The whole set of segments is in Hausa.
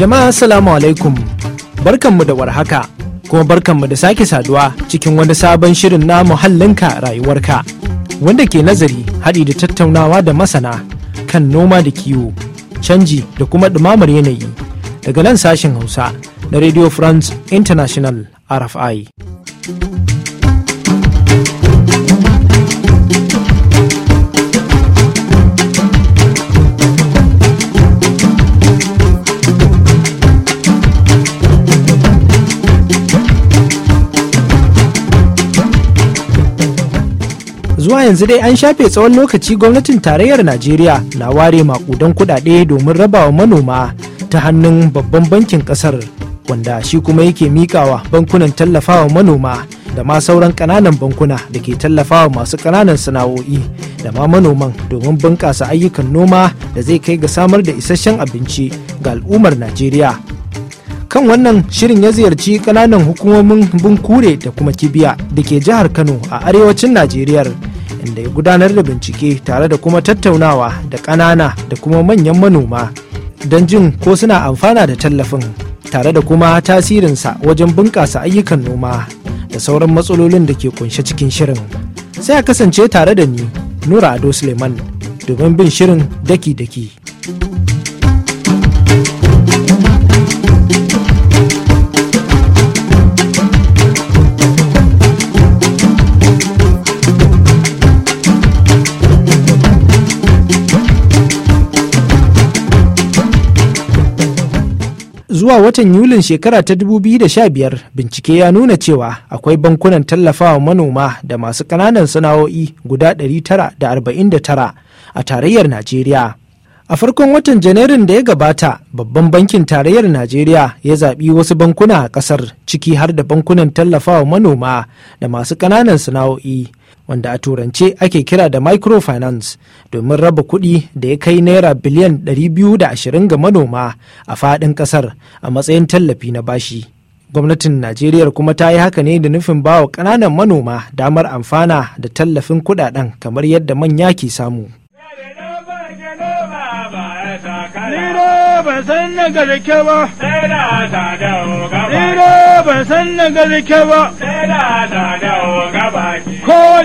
Jama'a Assalamu alaikum barkanmu da warhaka kuma barkanmu da sake saduwa cikin wani sabon shirin na muhallin muhallinka rayuwarka wanda ke nazari haɗi da tattaunawa da masana kan noma da kiwo canji da kuma ɗumamar yanayi daga nan sashen Hausa na Radio France International RFI. zuwa yanzu dai an shafe tsawon lokaci gwamnatin tarayyar najeriya na ware makudan kudade domin rabawa manoma ta hannun babban bankin kasar wanda shi kuma yake mikawa bankunan tallafawa manoma da ma sauran kananan bankuna da ke tallafawa masu kananan sana'o'i da ma manoman domin bunƙasa ayyukan noma da zai kai ga samar da isasshen abinci ga al'ummar najeriya kan wannan shirin ya ziyarci kananan hukumomin bunkure da kuma kibiya da ke jihar kano a arewacin najeriya inda ya gudanar da bincike tare da kuma tattaunawa da ƙanana da kuma manyan manoma don jin ko suna amfana da tallafin tare da kuma tasirinsa wajen bunƙasa ayyukan noma da sauran matsalolin da ke kunshe cikin shirin sai a kasance tare da ni nura ado suleiman domin bin shirin daki-daki zuwa watan Yulin shekara ta 2015 bincike ya nuna cewa akwai bankunan tallafawa manoma da masu ƙananan sana'o'i guda 949 a tarayyar Najeriya. A farkon watan Janairun da ya gabata, babban bankin tarayyar Najeriya ya zaɓi wasu bankuna a ƙasar ciki har da bankunan tallafawa manoma da masu ƙananan sana'o'i wanda a turance ake kira da microfinance domin raba kuɗi da ya kai naira biliyan 220 ga manoma a faɗin ƙasar a matsayin tallafi na bashi. gwamnatin najeriya kuma ta yi haka ne da nufin bawa ƙananan manoma damar amfana da tallafin kuɗaɗen kamar yadda manya ke samu ba san na ba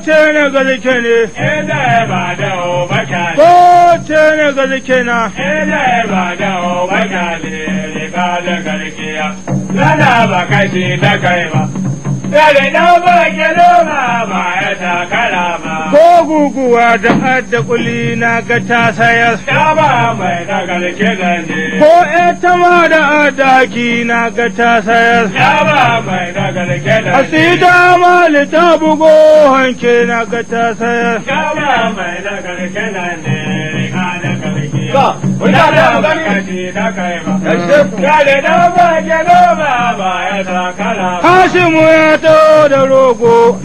ce ne ga zike ne ba da o baka ko ce ne ga zike na ba da o baka Ele ba da garkiya Lala ba kashi da kai ba Dare na ba geloma ba ya takara ma. Ko guguwa da adda kuli na ga ta sayas. ba mai nagarke gane. Ko ita ma da adda na ga ta sayas. ba mai nagarke gane. Asida ma ta bugo hanke na ga ta sayas. ba mai nagarke gane. ka rogo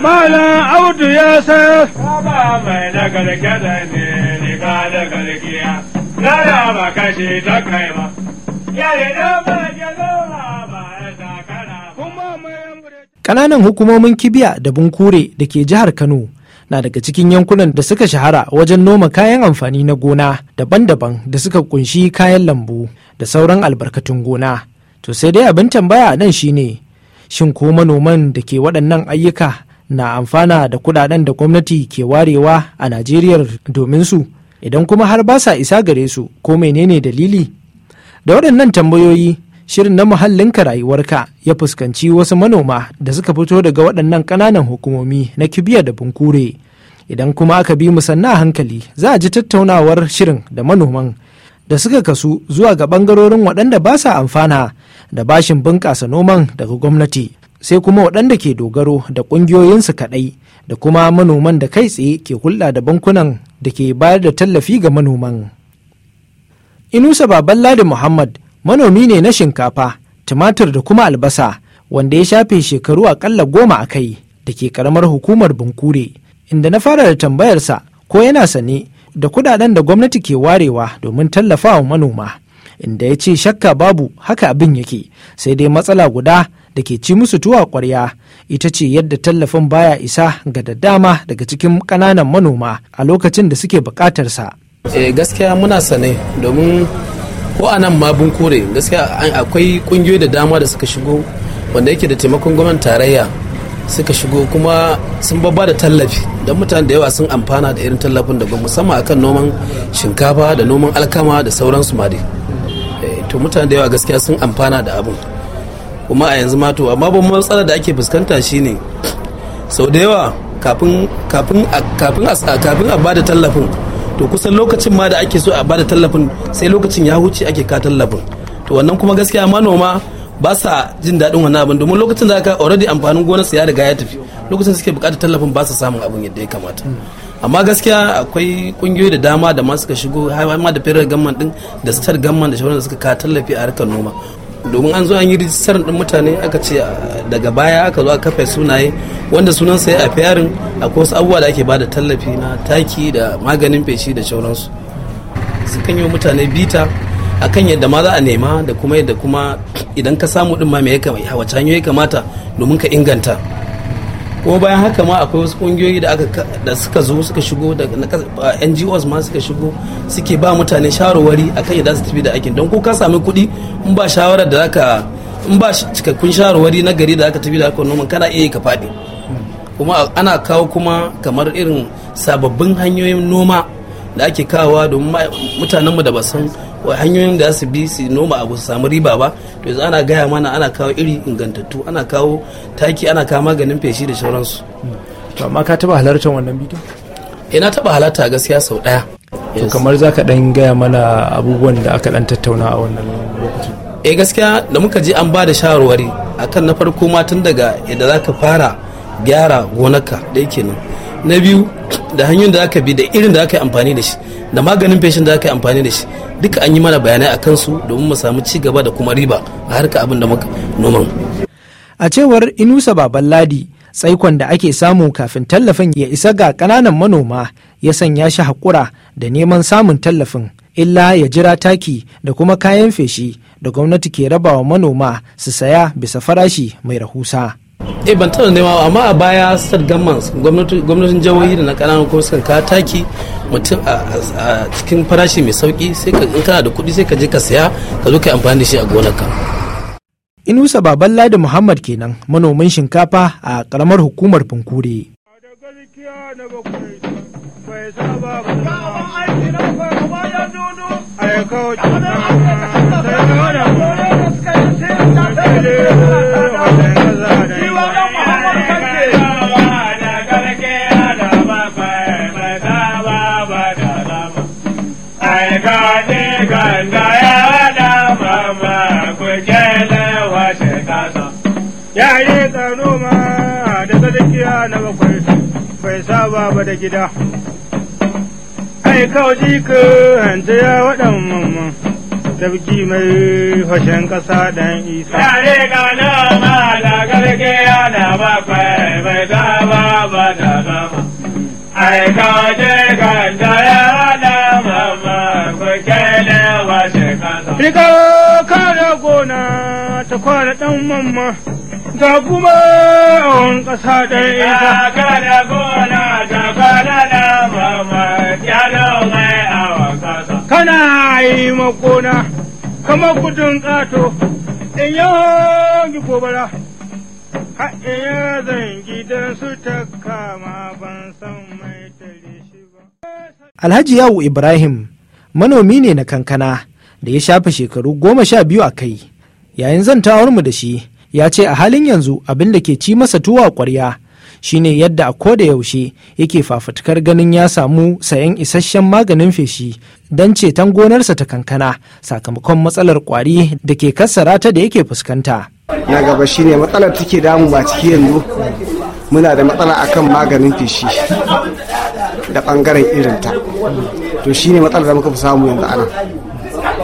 na Audu ya Ƙananan hukumomin kibiya da bunkure da ke jihar Kano na daga cikin yankunan da suka shahara wajen noma kayan amfani na gona daban-daban da suka kunshi kayan lambu da sauran albarkatun gona to sai dai abin tambaya nan shine shin ko manoman da ke waɗannan ayyuka na amfana da kudaden da gwamnati ke warewa a najeriya domin su idan kuma har ba sa isa gare su ko menene dalili da waɗannan tambayoyi shirin na muhallinka rayuwarka ya fuskanci wasu manoma da suka fito daga waɗannan ƙananan hukumomi na kibiya da bunkure idan kuma aka bi musanna hankali za a ji tattaunawar shirin da manoman da suka kasu zuwa ga bangarorin waɗanda ba sa amfana da bashin bunƙasa noman daga gwamnati sai kuma waɗanda ke dogaro da ƙungiyoyinsu kaɗai da kuma manoman da kai tsaye ke hulɗa da bankunan da ke bayar da tallafi ga manoman. Inusa Baban Ladi Muhammad manomi ne na shinkafa, tumatir da kuma albasa wanda ya shafe shekaru aƙalla goma a kai da ke ƙaramar hukumar Bunkure. inda na fara da tambayarsa ko yana sani da kudaden da gwamnati ke warewa domin tallafawa manoma inda ya ce shakka babu haka abin yake sai dai matsala guda da ke ci musu tuwa kwarya ita ce yadda tallafin baya isa ga da dama daga cikin kananan manoma a lokacin da suke bukatarsa e eh, gaskiya muna sane domin ko a nan ma kore gaskiya akwai ƙungiyoyi da dama da suka shigo wanda yake da taimakon gwamnatin tarayya suka shigo kuma sun babba da tallafi don mutane da yawa sun amfana da irin tallafin da musamman akan noman shinkafa da noman alkama da sauransu ma dai eh, to mutane da yawa gaskiya sun amfana da abin kuma a yanzu mato amma ban matsala da ake fuskanta shine sau da yawa kafin a bada tallafin to kusan lokacin ma da ake so a bada tallafin sai lokacin ya huce ake ka tallafin to wannan kuma gaskiya manoma ba sa jin daɗin wannan abin domin lokacin da aka already amfanin gonar su ya riga ya tafi lokacin suke buƙatar tallafin ba sa samun abin yadda ya kamata amma gaskiya akwai kungiyoyi da dama da ma suka shigo har ma da federal gamman din da star gamman da shawarar da suka ka tallafi a harkar noma domin an zo an yi rijistar din mutane aka ce daga baya aka zo aka kafa sunaye wanda sunan sai a fiyarin akwai wasu abubuwa da ake bada tallafi na taki da maganin feshi da sauransu sukan yi mutane bita akan yadda ma za a nema da kuma yadda kuma idan ka samu din ma me hawa wace hanyoyi kamata domin ka inganta kuma bayan haka ma akwai wasu kungiyoyi da aka da suka zo suka shigo da NGOs ma suka shigo suke ba mutane shawarwari akan yadda su tafi da aikin don ko ka sami kuɗi in ba shawarar da zaka in ba cikakkun shawarwari na gari da aka tafi da aka noman kana iya ka faɗi kuma ana kawo kuma kamar irin sababbin hanyoyin noma da ake kawowa domin mutanenmu da ba san hanyoyin da su bi su noma abu su samu riba ba to yanzu ana gaya mana ana kawo iri ingantattu ana kawo taki ana kawo maganin feshi da sauransu to amma ka taba halartar wannan bidiyo ina eh, taba halarta gaskiya sau daya to kamar za ka dan gaya mana abubuwan da aka dan tattauna a wannan lokacin eh gaskiya da muka je an ba da shawarwari akan na farko ma tun daga yadda za ka fara gyara gonarka da yake nan na biyu da hanyoyin da aka bi da irin da aka yi amfani da shi da maganin feshin da aka yi amfani da shi duka an yi mana bayanai a kansu domin mu samu ci gaba da kuma riba a harka abin da muka noman a cewar inusa baban ladi tsaikon da ake samu kafin tallafin ya isa ga kananan manoma ya sanya shi haƙura da neman samun tallafin illa ya jira taki da kuma kayan feshi da gwamnati ke rabawa manoma su saya bisa farashi mai rahusa. eh ban taɓa nema amma a baya state governments gwamnatin jihohi da na ƙananan kuma sukan kawo taki mutum a cikin farashi mai sauki sai ka kana da kuɗi sai ka je ka saya ka zo ka yi amfani da shi a gonarka inusa baban ladi muhammad kenan manoman shinkafa a ƙaramar hukumar funkure baba da gida ai kawai ka hanta ya waɗan mamman tabki mai fashen ƙasa dan isa yare ga nama da garke ana bakwai mai dama ba da dama ai kawai ka hanta ya waɗan mamman kwakele washe ƙasa rika kare gona ta kwara ɗan mamman ga kuma a wani ƙasa ɗan isa. Ga gona kana yi makona kama kudin ƙato in yi gobara haɗe ya zangi don su ta kama ban san mai tare shi ba. Alhaji Yahu Ibrahim manomi ne na kankana da ya shafe shekaru goma sha biyu a kai yayin zantawar mu da shi ya ce a halin yanzu abin da ke ci masa tuwa ƙwarya. shine yadda a koda yaushe yake fafutukar ganin ya samu sayan isasshen maganin feshi don ceton gonarsa ta kankana sakamakon matsalar kwari da ke kassara ta da yake fuskanta. na gaba shine matsalar take damu ba ciki yanzu muna da matsala akan maganin feshi da bangaren irinta to shine matsalar da muka fi samu yanzu ana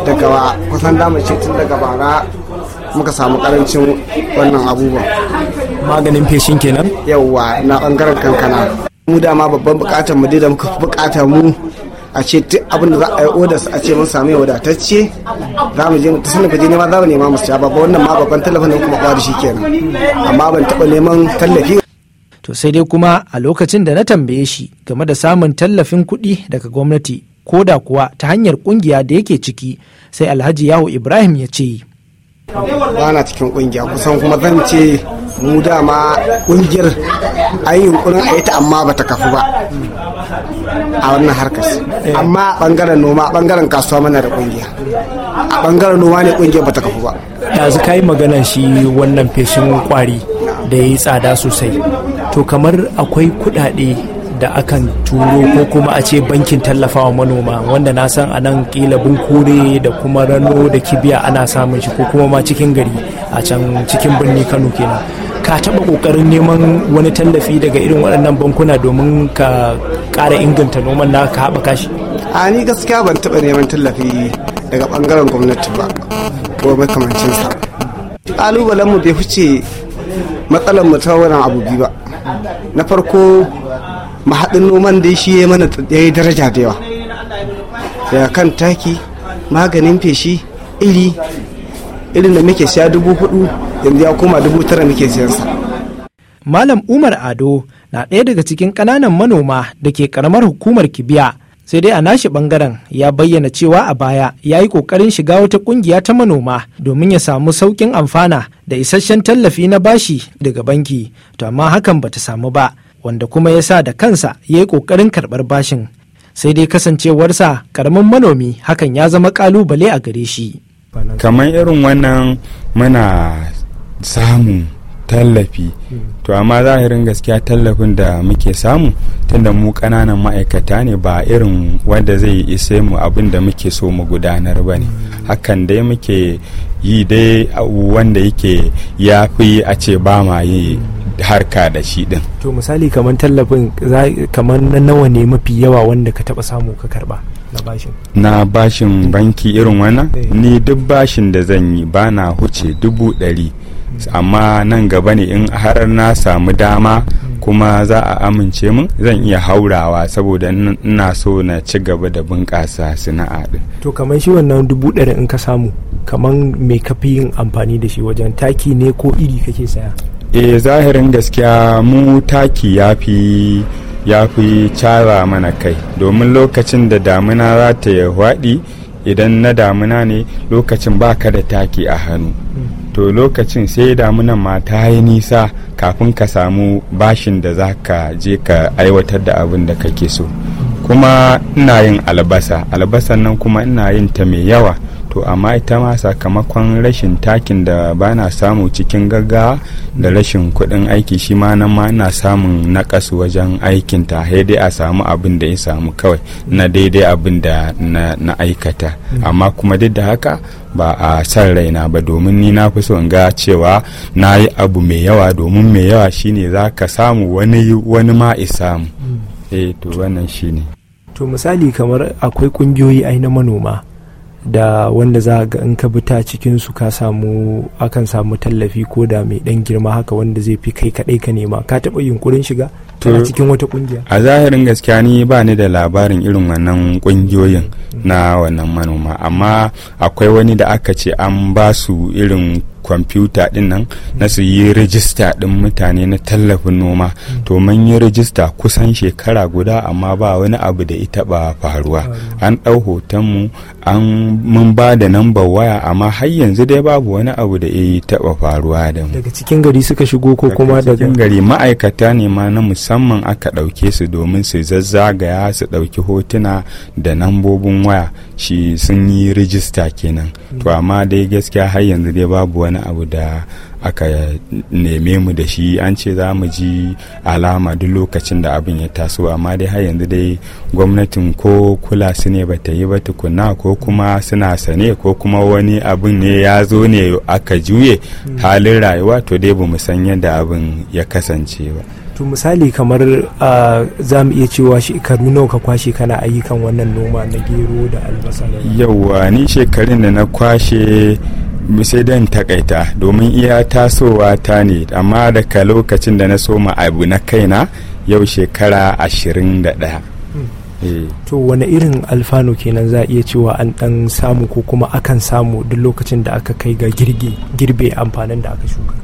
daga kusan damar ce tun daga bara muka samu karancin wannan abubuwan maganin feshin kenan yawa na bangaren kankana mu dama babban bukatar mu da muka bukata mu a ce duk abin da za a yi odas a ce mun sami wadatacce za mu je ta sanin kaje nema za mu nema mu babban wannan ma babban tallafin kuma da shi kenan amma ban taba neman tallafi to sai dai kuma a lokacin da na tambaye shi game da samun tallafin kuɗi daga gwamnati ko da kuwa ta hanyar kungiya da yake ciki sai alhaji yahu ibrahim ya ce ba na cikin kungiya kusan kuma zan ce mu dama kungiyar an yi yunkurin a ita amma bata kafu ba a wannan harkas amma a bangaren noma a bangaren kasuwa mana da kungiya a bangaren noma ne kungiyar bata kafu ba yanzu ka yi maganan shi wannan feshin kwari da ya yi tsada sosai to kamar akwai kuɗaɗe da akan turo ko kuma a ce bankin tallafawa manoma wanda na san a nan kila bunkure da kuma rano da kibiya ana samun shi ko kuma ma cikin gari a can cikin birni kano kenan ka taɓa ƙoƙarin neman wani tallafi daga irin waɗannan bankuna domin ka ƙara inganta noman na ka haɓaka shi a ni gaskiya ban taɓa neman tallafi daga ɓangaren gwamnati ba ko makamancinsa ƙalubalen mu bai fice matsalar mu ta ba na farko mahaɗin noman da shi ya mana ya yi daraja da yawa daga kan taki maganin feshi iri irin da muke siya dubu hudu yanzu ya koma dubu tara muke siyansa malam umar ado na ɗaya daga cikin ƙananan manoma da ke ƙaramar hukumar kibiya sai dai a nashi bangaren ya bayyana cewa a baya ya yi ƙoƙarin shiga wata ƙungiya ta manoma domin ya samu sauƙin amfana da isasshen tallafi na bashi daga banki to amma hakan bata samu ba wanda kuma ya sa da kansa ya yi ƙoƙarin karɓar bashin sai dai kasancewarsa ƙaramin manomi hakan ya zama ƙalubale a gare shi kamar irin wannan muna samun tallafi hmm. to amma zahirin gaskiya tallafin da muke samu tunda mu kananan ma'aikata ne ba irin wanda zai ise mu abin da muke so mu gudanar ba ne hmm. hakan dai muke yi dai wanda yake ya fi a ce ba ma yi hmm. harka da shi din to misali kamar tallafin kamar na nawa ne mafi yawa wanda ka taba samu ka karba na bashin na bashin banki irin wannan eh. ni duk bashin da zan yi ba na huce dubu ɗari hmm. amma nan gaba ne in har na samu dama hmm. kuma za a amince min zan iya haurawa saboda ina so na ci gaba da bunƙasa sana'a din to kamar shi wannan dubu ɗari in ka samu kamar mai kafi yin amfani da shi wajen taki ne ko iri kake saya e zahirin gaskiya mu taki ya fi ya fi cara mana kai domin lokacin da damina za ta ya waɗi idan na damina ne lokacin ba ka da taki a hannu to lokacin sai damunan ma ta yi nisa kafin ka samu bashin da za ka je ka aiwatar da abin da kake so kuma ina yin albasa albasan nan kuma ina yin ta mai yawa to amma ita ma sakamakon rashin takin da bana samu cikin gaggawa da rashin kuɗin aiki shi ma nan ma ina samun nakasu wajen aikin ta dai a samu abin da ya samu kawai na daidai abin da na aikata amma kuma duk da haka ba a san raina ba domin ni na fi so ga cewa na yi abu mai yawa domin mai yawa shine za ka samu wani wani ma samu mm. eh to wannan shine to misali kamar akwai kungiyoyi ai na manoma da wanda za ga in ka bi ta cikin su ka samu akan samu tallafi ko da mai dan girma haka wanda zai fi kai kadai ka nema ka taba yunkurin shiga tana cikin wata kungiya a zahirin gaskiya ni ba ni da labarin irin wannan kungiyoyin na wannan manoma amma akwai wani da aka ce an ba su irin kwamfuta din nan na su yi rajista din mutane na tallafin noma to mun yi rajista kusan shekara guda amma ba wani abu da ita ba faruwa an ɗau hotonmu an mun ba da number waya amma har yanzu dai babu wani abu da ya taɓa faruwa da mu daga cikin gari suka shigo ko kuma daga cikin gari ma'aikata ne ma na musamman aka ɗauke su domin su zazzagaya su ɗauki hotuna da nambobin waya shi sun yi rajista kenan to mm. amma dai gaskiya har yanzu dai babu wani abu da aka neme mu da shi an ce za mu ji alama duk lokacin da abin ya taso amma dai har yanzu dai gwamnatin ko kula su ne bata yi ba tukuna ko kuma suna sane ko kuma wani abin ne ya zo ne aka juye hmm. halin rayuwa to dai bamu san yadda abin ya kasance ba to misali kamar za mu iya cewa shekaru nawa ka kwashe kana ayyukan wannan noma na gero da albasa yauwa ni shekarun da na kwashe sai dan takaita domin iya tasowa ta ne amma daga lokacin da na soma abu na kaina yau shekara ashirin da ɗaya eh. to wani irin alfano kenan za a iya cewa an ɗan samu ko kuma akan samu duk lokacin da aka kai ga girbe amfanin da aka shuka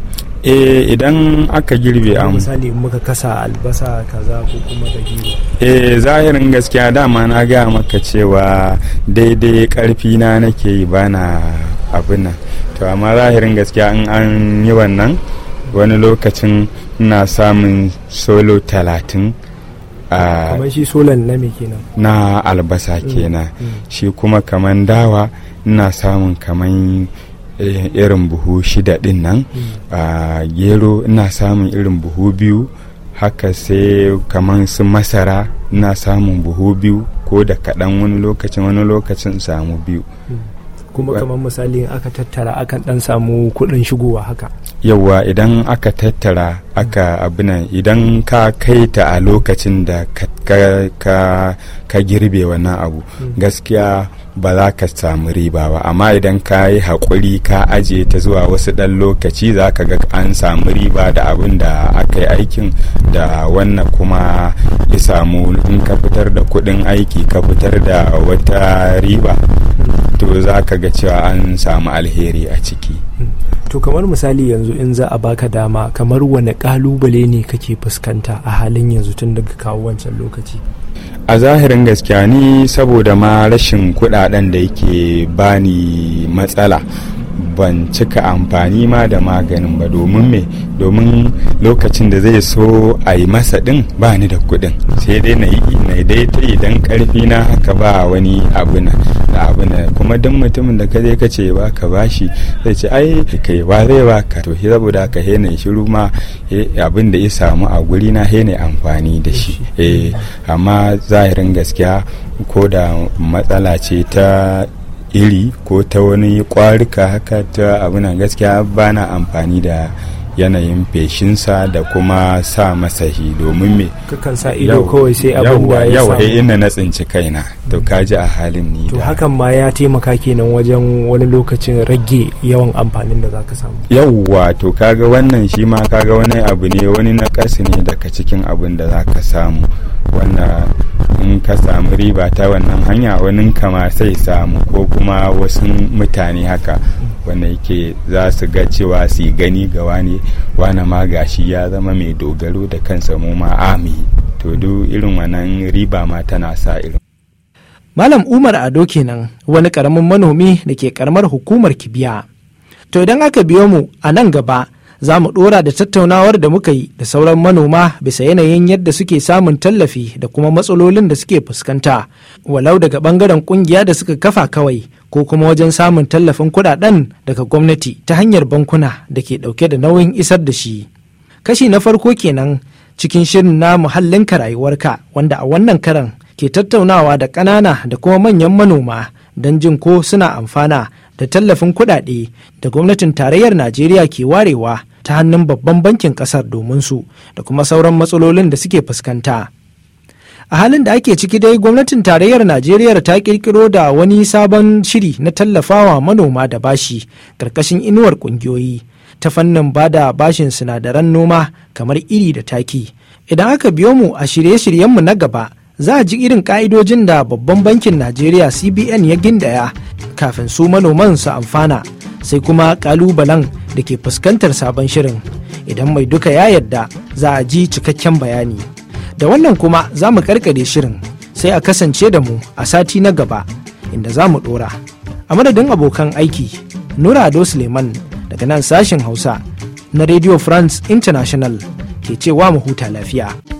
eh idan aka girbe a misali muka kasa albasa kaza ko kuma da gero eh zahirin gaskiya dama na ga maka cewa daidai karfi na nake yi bana abin nan to amma zahirin gaskiya in an yi wannan wani lokacin ina samun solo talatin kamar shi na na albasa mm, kenan mm. shi kuma kamar dawa na samun kamar eh, irin buhu shida din nan mm. a gero ina samun irin buhu biyu haka sai kamar su masara na samun buhu biyu ko da kaɗan wani lokacin wani lokacin samu biyu kuma kamar misali aka tattara akan dan samu kuɗin shigowa haka yauwa idan aka tattara aka abinan idan ka kai ta a lokacin da ka girbe wannan abu hmm. gaskiya ba za ka samu riba ba amma idan ka yi haƙuri ka ajiye ta zuwa wasu ɗan lokaci za ka ga an samu riba da abin da aka yi aikin da wannan kuma ya samu in ka fitar da kuɗin aiki ka fitar da wata riba to za ka ga cewa an samu alheri a ciki to kamar misali yanzu in za a baka dama kamar wane kalubale ne kake fuskanta a halin yanzu tun daga kawo wancan lokaci a zahirin gaskiya ni saboda ma rashin kudaden da yake bani matsala ban cika amfani ma da maganin ba domin me domin lokacin da zai so a yi masa din ba ni da kuɗin sai dai na yi na dai ta idan karfi na haka ba wani abu na da abu na kuma duk mutumin da ka je ka ce ba ka bashi zai ce ai kai ba zai ba ka to shi saboda ka he ne shiru ma abin da ya samu a guri na he ne amfani da shi eh amma zahirin gaskiya ko da matsala ce ta iri ko ta wani kwarika haka ta abuna gaskiya ba na amfani da yanayin feshinsa da kuma sa masa hi domin me kakan sa ido kawai sai abin ya samu yau eh, ina na tsinci kaina to kaji a halin ni to hakan ma ya taimaka kenan wajen wani lokacin rage yawan amfanin da zaka samu yauwa to kaga wannan shi ma kaga wani abu ne wani na ne daga cikin abin da zaka samu wannan in ka samu riba ta wannan hanya wani kama sai samu ko kuma wasu mutane haka wanda yake za su ga cewa su gani ga wani wani ma gashi ya zama mai dogaro da kansa mu ma ami ah, to du irin wannan riba ma tana sa irin Malam Umar Ado kenan wani karamin manomi da ke karamar hukumar Kibiya. To idan aka biyo mu a nan gaba za mu ɗora da tattaunawar da muka yi da sauran manoma bisa yanayin yadda suke samun tallafi da kuma matsalolin da suke fuskanta walau daga ɓangaren ƙungiya da suka kafa kawai ko kuma wajen samun tallafin kudaden daga gwamnati ta hanyar bankuna da ke dauke da nauyin isar da shi kashi na farko kenan cikin shirin na muhallinka rayuwarka wanda a wannan karan ke tattaunawa da ƙanana da kuma manyan manoma don jin ko suna amfana da tallafin kudade da gwamnatin tarayyar najeriya ke warewa ta hannun babban bankin ƙasar domin su da kuma sauran matsalolin da suke fuskanta. a halin da ake ciki dai gwamnatin tarayyar najeriya ta kirkiro da wani sabon shiri na tallafawa manoma da bashi karkashin inuwar kungiyoyi ta fannin ba da bashin sinadaran noma kamar iri da taki idan aka biyo mu a shirye-shiryenmu na gaba za a ji irin ka'idojin da babban bankin najeriya cbn ya gindaya kafin su manoman su amfana sai kuma kalubalen da ke fuskantar sabon shirin idan mai duka ya yadda za a ji cikakken bayani. da wannan kuma za mu karkare shirin sai a kasance da mu a sati na gaba inda za mu dora a madadin abokan aiki nura ado suleiman daga nan sashen hausa na radio france international ke cewa mu huta lafiya.